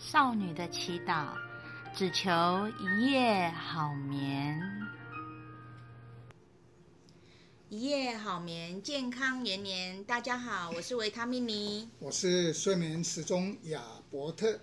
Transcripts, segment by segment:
少女的祈禱，只求一夜好眠。一夜好眠，健康年年。大家好，我是維他命妮，我是睡眠時鐘亞伯特。我，伯特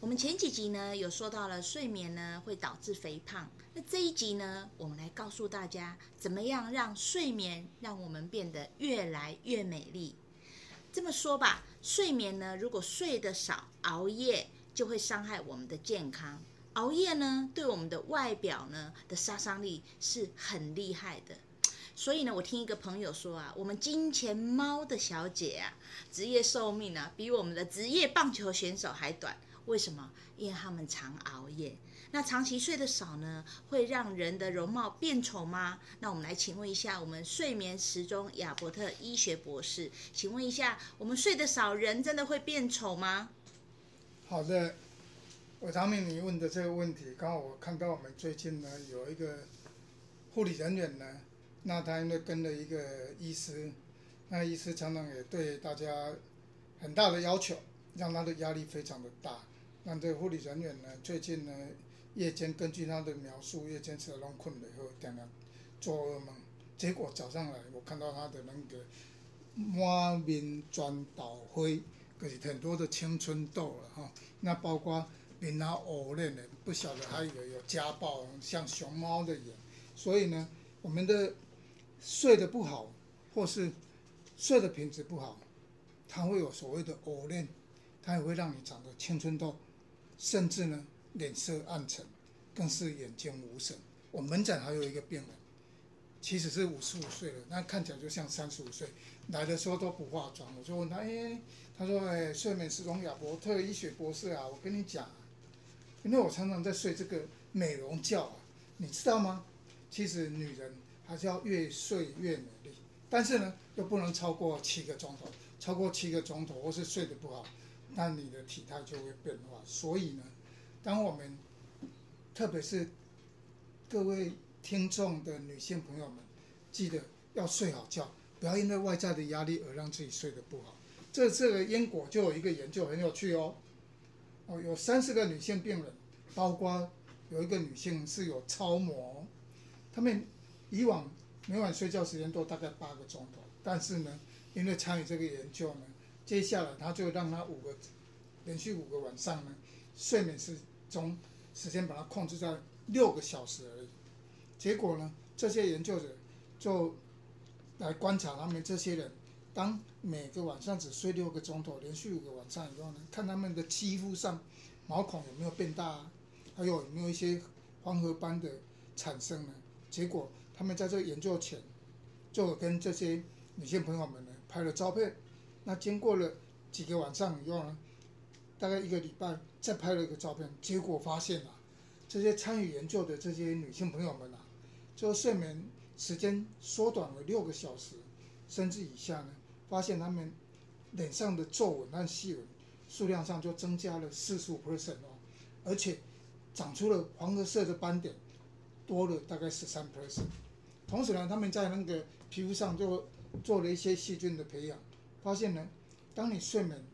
我們前幾集呢，有說到了睡眠呢會導致肥胖，那這一集呢，我們來告訴大家，怎麼樣讓睡眠讓我們變得越來越美麗。這麼說吧。睡眠呢，如果睡得少，熬夜就會傷害我們的健康。熬夜呢，對我們的外表呢的殺傷力是很厲害的。所以呢，我聽一個朋友說啊，我們金錢貓的小姐啊，職業壽命呢、啊，比我們的職業棒球選手還短。為什麼？因為他們常熬夜。那長期睡得少呢，會讓人的容貌變醜嗎？那我們來請問一下，我們睡眠時鐘亞伯特醫學博士，請問一下，我們睡得少，人真的會變醜嗎？好的，我常明你問的這個問題，剛好我看到我們最近呢有一個護理人員呢，那他因為跟了一個醫師，那個醫師常常也對大家很大的要求，讓他的壓力非常的大，那這個護理人員呢最近呢。夜間根據他的描述，夜間吃了弄困了以後，等天做噩夢，結果早上來我看到他的那個滿面磚倒灰，可、就是很多的青春痘了哈。那包括臉啊黑輪的，不曉得還以為有家暴，像熊貓的眼。所以呢，我們的睡得不好，或是睡的品質不好，它會有所謂的黑輪，它也會讓你長得青春痘，甚至呢。臉色暗沉，更是眼睛無神。我門診還有一個病人，其實是五十五歲了，但看起來就像三十五歲。來的時候都不化妝，我就問他：“哎，他說哎，睡眠時鐘亞伯特醫學博士啊，我跟你講，因為我常常在睡這個美容覺啊，你知道嗎？其實女人還是要越睡越美麗，但是呢，又不能超過七個鐘頭。超過七個鐘頭或是睡得不好，那你的體態就會變化。所以呢，當我們，特別是各位聽眾的女性朋友們，記得要睡好覺，不要因為外在的壓力而讓自己睡得不好。這次的英國就有一個研究很有趣哦，哦，有三十個女性病人，包括有一個女性是有超模，她們以往每晚睡覺時間都大概八個鐘頭，但是呢，因為參與這個研究呢，接下來她就讓她五個連續五個晚上呢睡眠是。中時間把它控制在六個小時而已，結果呢？這些研究者就來觀察他們這些人，當每個晚上只睡六個鐘頭，連續五個晚上以後呢，看他們的肌膚上毛孔有沒有變大，啊，還有有沒有一些黃褐斑的產生呢？結果他們在這研究前就有跟這些女性朋友們呢拍了照片，那經過了幾個晚上以後呢？大概一個禮拜，再拍了一個照片，結果發現啊，這些參與研究的這些女性朋友們啊，就睡眠時間縮短了六個小時甚至以下呢，發現她們臉上的皺紋和細紋數量上就增加了四十五 percent 哦，而且長出了黃褐色的斑點，多了大概十三 percent。同時呢，他們在那個皮膚上就做了一些細菌的培養，發現呢，當你睡眠，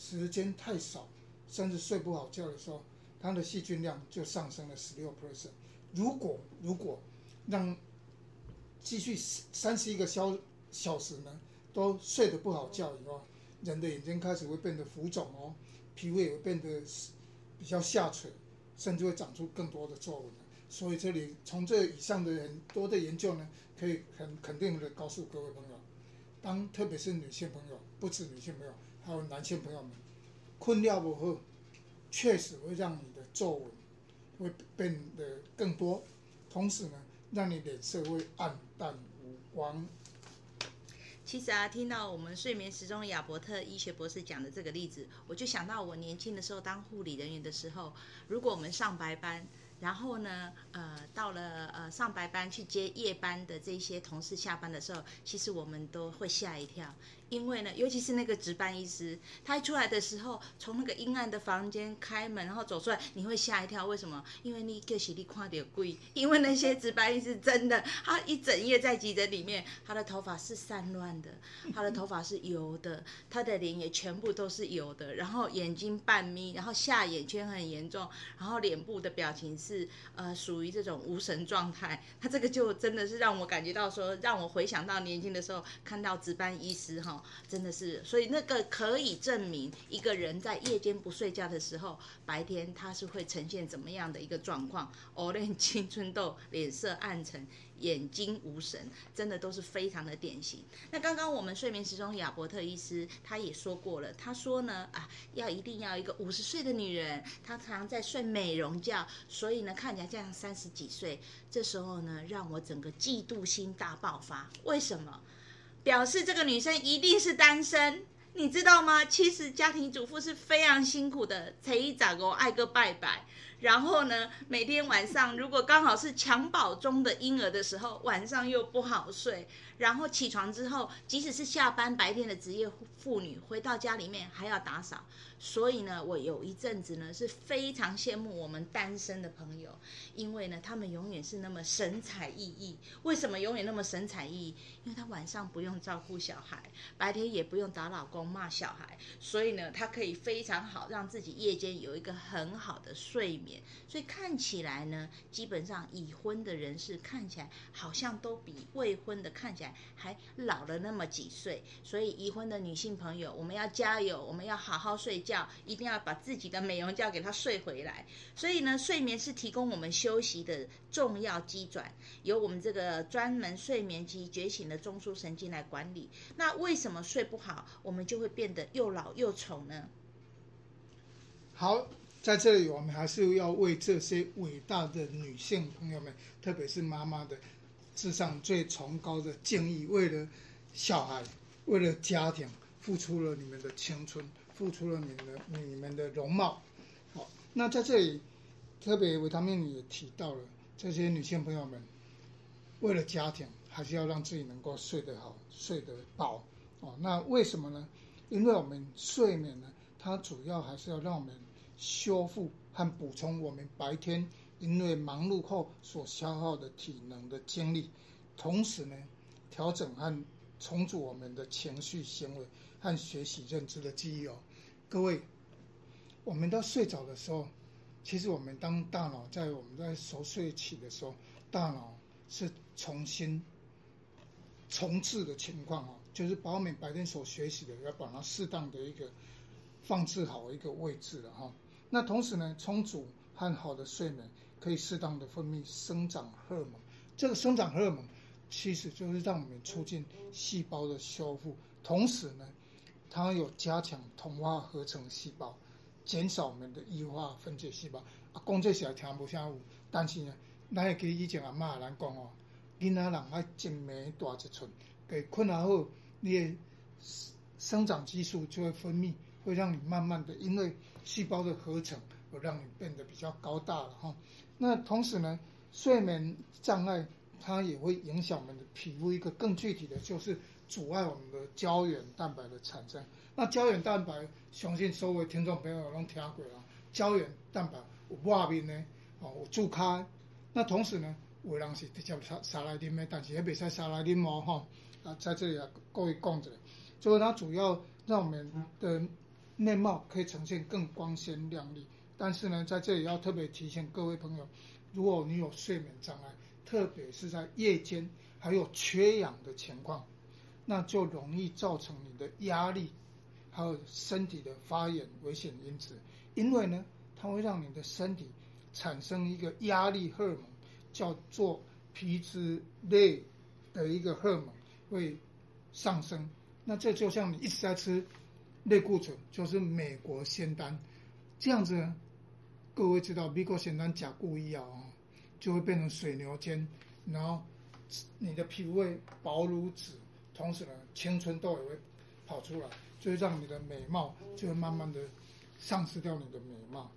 時間太少，甚至睡不好覺的時候，它的細菌量就上升了十六 percent。如果如果讓繼續三十一個小小時呢，都睡得不好覺以後，人的眼睛開始會變得浮腫哦，皮膚也會變得比較下垂，甚至會長出更多的皺紋。所以這裡從這以上的很多的研究呢，可以很肯定的告訴各位朋友，當特別是女性朋友，不止女性朋友。男性朋友們困覺不好，確實會讓你的皺紋會變得更多，同時呢，讓你的臉色會暗淡無光。其實啊，聽到我們睡眠時鐘亞伯特醫學博士講的這個例子，我就想到我年輕的時候當護理人員的時候，如果我們上白班，然後呢，呃，到了呃上白班去接夜班的這些同事下班的時候，其實我們都會嚇一跳。因為呢，尤其是那個值班醫師，他一出來的時候，從那個陰暗的房間開門，然後走出來，你會嚇一跳。為什麼？因為那個洗地礦泉水貴。因為那些值班醫師真的，他一整夜在急診裡面，他的頭髮是散亂的，嗯、哼他的頭髮是油的，他的臉也全部都是油的，然後眼睛半眯，然後下眼圈很嚴重，然後臉部的表情是呃屬於這種無神狀態。他這個就真的是讓我感覺到說，讓我回想到年輕的時候看到值班醫師哈。真的是，所以那個可以證明一個人在夜間不睡覺的時候，白天他是會呈現怎麼樣的一個狀況？偶現青春痘、臉色暗沉、眼睛無神，真的都是非常的典型。那剛剛我們睡眠時鐘亞伯特醫師他也說過了，他說呢，啊，要一定要一個五十歲的女人，她常常在睡美容覺，所以呢，看起來像三十幾歲。這時候呢，讓我整個嫉妒心大爆發。為什麼？表示這個女生一定是單身，你知道嗎？其實家庭主婦是非常辛苦的，才一咋個愛個拜拜。然後呢，每天晚上如果剛好是襁褓中的嬰兒的時候，晚上又不好睡，然後起床之後，即使是下班白天的職業婦女回到家裡面還要打掃，所以呢，我有一陣子呢是非常羨慕我們單身的朋友，因為呢，他們永遠是那麼神采奕奕。為什麼永遠那麼神采奕奕？因為他晚上不用照顧小孩，白天也不用打老公罵小孩，所以呢，他可以非常好讓自己夜間有一個很好的睡眠。所以看起來呢，基本上已婚的人士看起來好像都比未婚的看起來還老了那麼幾歲。所以已婚的女性朋友，我們要加油，我們要好好睡覺，一定要把自己的美容覺給它睡回來。所以呢，睡眠是提供我們休息的重要機轉，由我們這個專門睡眠及覺醒的中樞神經來管理。那為什麼睡不好，我們就會變得又老又醜呢？好。在這裡，我們還是要為這些偉大的女性朋友們，特別是媽媽的致上最崇高的敬意。為了小孩，為了家庭，付出了你們的青春，付出了你們、你們的容貌。好，那在這裡，特別維他命也提到了這些女性朋友們，為了家庭，還是要讓自己能夠睡得好、睡得飽。哦，那為什麼呢？因為我們睡眠呢，它主要還是要讓我們。修復和補充我們白天因為忙碌後所消耗的體能的精力，同時呢，調整和重組我們的情緒、行為和學習、認知的記憶哦。各位，我們到睡着的時候，其實我們當大腦在我們在熟睡期的時候，大腦是重新重置的情況哦，就是把我們白天所學習的要把它適當的一個放置好一個位置了哈、哦。那同時呢，充足和好的睡眠可以適當的分泌生長荷爾蒙。這個生長荷爾蒙其實就是讓我們促進細胞的修復，同時呢，它有加強同化合成細胞，減少我們的異化分解細胞。啊，講這些聽無啥有，但是呢，那也可以前阿媽也難講哦。囡仔人愛靜眠大一寸，給困也後你的生長激素就會分泌。會讓你慢慢的，因為細胞的合成而讓你變得比較高大了哈。那同時呢，睡眠障礙它也會影響我們的皮膚。一個更具體的就是阻礙我們的膠原蛋白的產生。那膠原蛋白，相信所有聽眾朋友攏聽過啊，膠原蛋白我外面呢，哦有注開。那同時呢，我人是直接沙沙拉丁的，但是也袂使沙拉丁毛哈。啊，在這裡也過一講者，就是它主要讓我們的。嗯面貌可以呈現更光鮮亮麗，但是呢，在這裡要特別提醒各位朋友，如果你有睡眠障礙，特別是在夜間還有缺氧的情況，那就容易造成你的壓力，還有身體的發炎危險因子。因為呢，它會讓你的身體產生一個壓力荷爾蒙，叫做皮質類的一個荷爾蒙會上升。那這就像你一直在吃。類固醇就是美國仙丹，這樣子，各位知道美國仙丹假固醫藥啊，就會變成水牛肩，然後你的皮膚薄如紙，同時呢，青春痘也會跑出來，就會讓你的美貌就會慢慢的喪失掉你的美貌。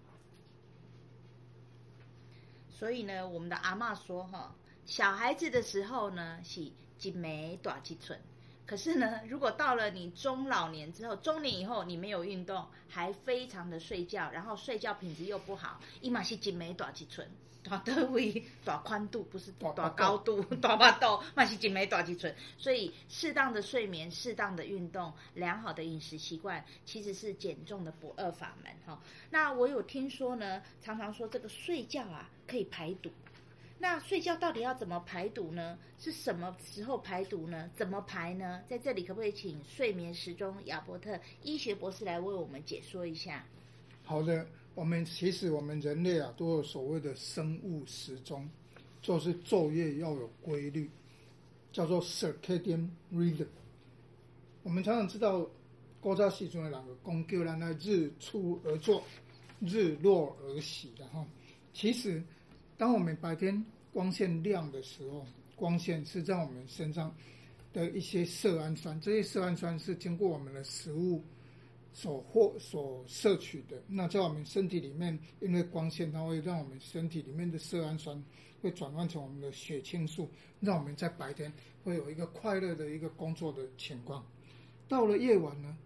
所以呢，我們的阿嬤說哈，小孩子的時候呢，是，一暝大一寸。可是呢，如果到了你中老年之後，中年以後你沒有運動，還非常的睡覺，然後睡覺品質又不好，一馬是頸眉短肌存，短的位短寬度不是短高度，短不到，慢是頸眉短肌存。所以適當的睡眠、適當的運動、良好的飲食習慣，其實是減重的不二法門哈。那我有聽說呢，常常說這個睡覺啊，可以排毒。那睡覺到底要怎麼排毒呢？是什麼時候排毒呢？怎麼排呢？在這裡可不可以請睡眠時鐘亞伯特醫學博士來為我們解說一下？好的，我們其實我們人類啊都有所謂的生物時鐘，就是晝夜要有規律，叫做 circadian rhythm。我們常常知道國家系中的兩個工具呢，那日出而作，日落而息的哈，其實。當我們白天光線亮的時候，光線是在我們身上的一些色胺酸，這些色胺酸是經過我們的食物所獲所攝取的。那在我們身體裡面，因為光線它會讓我們身體裡面的色胺酸會轉換成我們的血清素，讓我們在白天會有一個快樂的一個工作的情況。到了夜晚呢，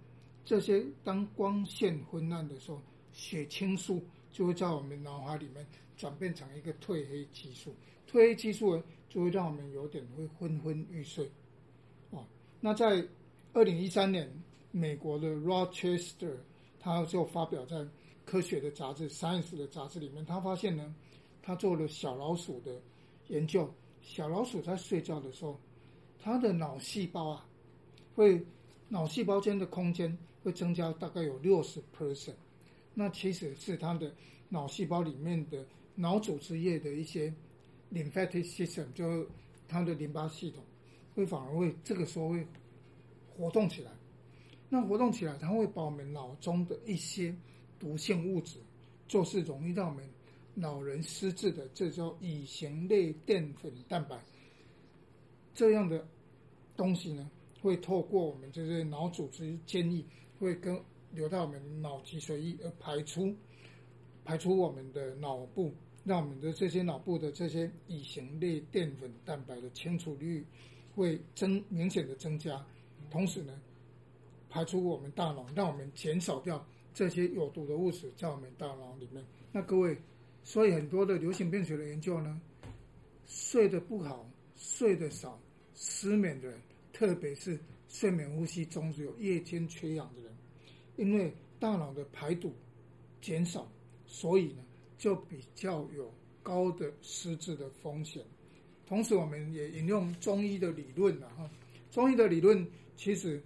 這些當光線昏暗的時候，血清素。就會在我們腦海裡面轉變成一個褪黑激素。褪黑激素呢就會讓我們有點會昏昏欲睡，啊，那在二零一三年，美國的 Rochester 他就發表在科學的雜誌 Science 的雜誌裡面，他發現呢，他做了小老鼠的研究，小老鼠在睡覺的時候，它的腦細胞啊，會腦細胞間的空間會增加大概有六十 percent。那其實是他的腦細胞裡面的腦組織液的一些 lymphatic system 就是他的淋巴系統，會反而會這個時候會活動起來。那活動起來，它會把我們腦中的一些毒性物質，就是容易讓我們老人失智的，這叫乙型類澱粉蛋白這樣的東西呢，會透過我們這些腦組織建議會跟。流到我們腦脊髓液而排出，排出我們的腦部，讓我們的這些腦部的這些乙型類澱粉蛋白的清除率會增明顯的增加，同時呢，排出我們大腦，讓我們減少掉這些有毒的物質在我們大腦裡面。那各位，所以很多的流行病學的研究呢，睡得不好、睡得少、失眠的人，特別是睡眠呼吸中止有夜間缺氧的人。因為大腦的排毒減少，所以呢就比較有高的失智的風險。同時，我們也引用中醫的理論了哈。中醫的理論其實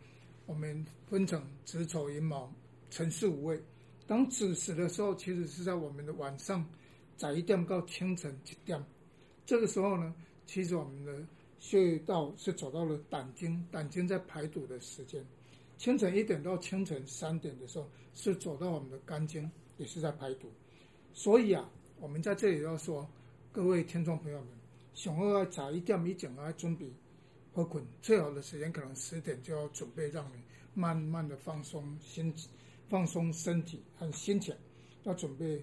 我們分成子丑寅卯辰巳午未。當子時的時候，其實是在我們的晚上十一點到清晨七點。這個時候呢，其實我們的穴道是走到了膽經，膽經在排毒的時間。清晨一點到清晨三點的時候，是走到我們的肝經，也是在排毒。所以啊，我們在這裡要說，各位聽眾朋友們，想要早一點一點啊準備和困，最好的時間可能十點就要準備，讓你慢慢的放鬆心，放鬆身體和心情，要準備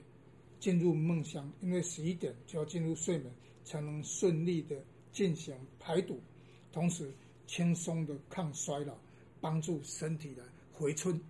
進入夢鄉。因為十一點就要進入睡眠，才能順利的進行排毒，同時輕鬆的抗衰老。幫助身體的回春。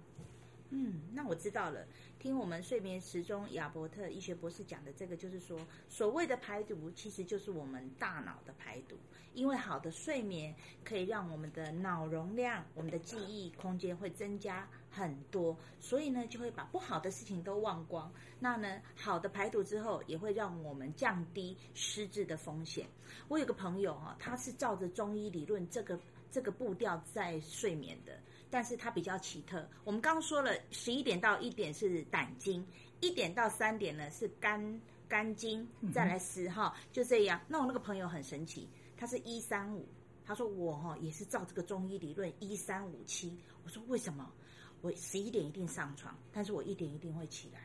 嗯，那我知道了。聽我們睡眠時鐘亞伯特醫學博士講的這個，就是說，所謂的排毒其實就是我們大腦的排毒，因為好的睡眠可以讓我們的腦容量、我們的記憶空間會增加很多，所以呢，就會把不好的事情都忘光。那呢，好的排毒之後，也會讓我們降低失智的風險。我有個朋友哈，他是照着中醫理論這個。這個步調在睡眠的，但是它比較奇特。我們剛剛說了，十一點到一點是膽經，一點到三點呢是肝肝經，再來十號就這樣。嗯嗯那我那個朋友很神奇，他是一三五，他說我哈也是照這個中醫理論一三五七。我說為什麼？我十一點一定上床，但是我一點一定會起來。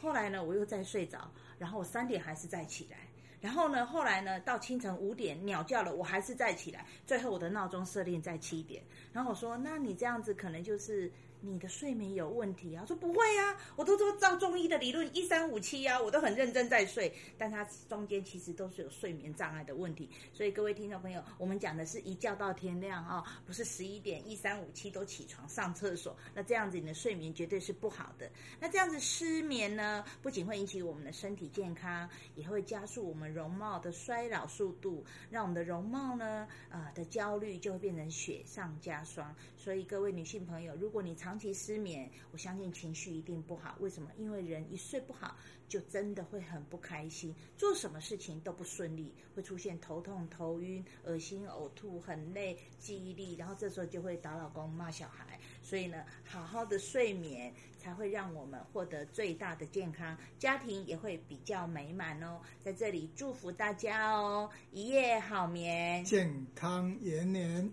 後來呢，我又再睡着，然後我三點還是再起來。然後呢，後來呢，到清晨五點鳥叫了，我還是再起來。最後我的鬧鐘設定在七點。然後我說，那你這樣子可能就是你的睡眠有問題啊。我說不會啊，我都說照中醫的理論一三五七啊，我都很認真在睡。但它中間其實都是有睡眠障礙的問題。所以各位聽眾朋友，我們講的是一覺到天亮啊、哦，不是十一點一三五七都起床上廁所。那這樣子你的睡眠絕對是不好的。那這樣子失眠呢，不僅會引起我們的身體健康，也會加速我們。容貌的衰老速度，讓我們的容貌呢，啊、呃、的焦慮就會變成雪上加霜。所以各位女性朋友，如果你長期失眠，我相信情緒一定不好。為什麼？因為人一睡不好，就真的會很不開心，做什麼事情都不順利，會出現頭痛、頭暈、噁心、嘔吐、很累、記憶力，然後這時候就會打老公、罵小孩。所以呢，好好的睡眠才會讓我們獲得最大的健康，家庭也會比較美滿哦。在這裡祝福大家哦，一夜好眠，健康延年。